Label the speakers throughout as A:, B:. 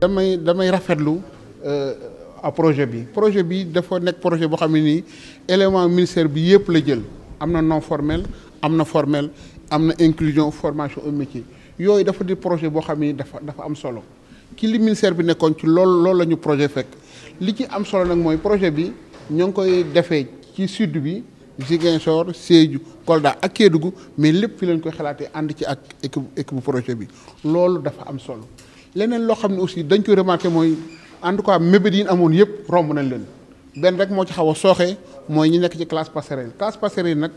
A: damay damay rafetlu euh, projet bi projet bi dafa nek projet bo xamni élément ministère bi yépp la jël amna non formel amna formel amna inclusion formation au métier yoy dafa di projet bo xamni dafa dafa am solo ki li ministère bi nekkoon ci loolu loolu la projet fek li ci am solo nak moy projet bi ñong koy défé ci sud bi Ziguinchor Sédhiou Kolda ak Kédougou mais lepp fi lañ koy xalaté and ci ak équipe équipe projet bi loolu dafa am solo leneen loo xam ne aussi dañ koy remarqué mooy en tout cas mébét yi amoon yëpp romb nañ leen benn rek moo ci xaw a sooxee mooy ñi nekk ci classe passerelle classe passerelle nag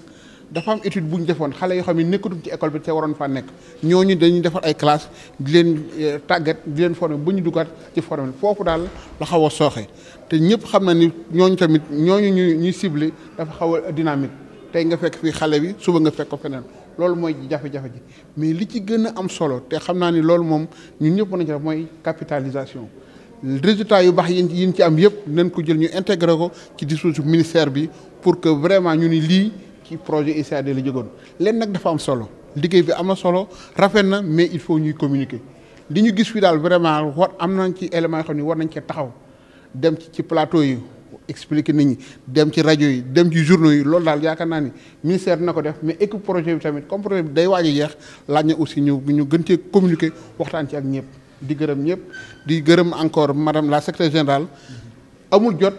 A: dafa am étude bu ñu defoon xale yoo xam ne nekkatum ci école bi te waroon faa nekk ñooñu dañuy defar ay classe di leen eh, tàggat di leen former bu ñu duggaat ci former foofu daal la xaw a sooxe te ñëpp xam na ni ñooñu tamit ñooñu ñuy ñuy ciblé dafa xaw a dynamique. tay nga fekk fi xalé bi suba nga fekk ko feneen loolu moy jafé jafé ji mais li ci gëna am solo té xamna ni loolu mom ñun ñëpp mën def moy capitalisation le résultat yu bax yi ci am yëpp nañ ko jël ñu intégrer ko ci dispositif ministère bi pour que vraiment ñu ni li ci projet ICAD la jógoon leen nak dafa am solo liggéey bi amna solo rafet na mais il faut ñuy communiquer li ñu gis fi daal vraiment war am nañ ci élément yoo xam ne war nañ ci taxaw dem ci ci plateau yi expliquer nit dem ci radio dem ci journaux ministère nako mais équipe projet tamit comme projet aussi nous ñu gën communiquer waxtaan ci ak di encore madame la secrétaire générale amul jot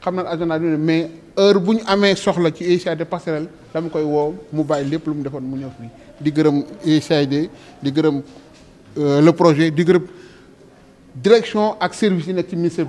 A: xamna agenda mais heure buñ amé soxla ci passerelle dama koy wo mu bay lepp lu mu mu di euh, le projet di direction ak service ministère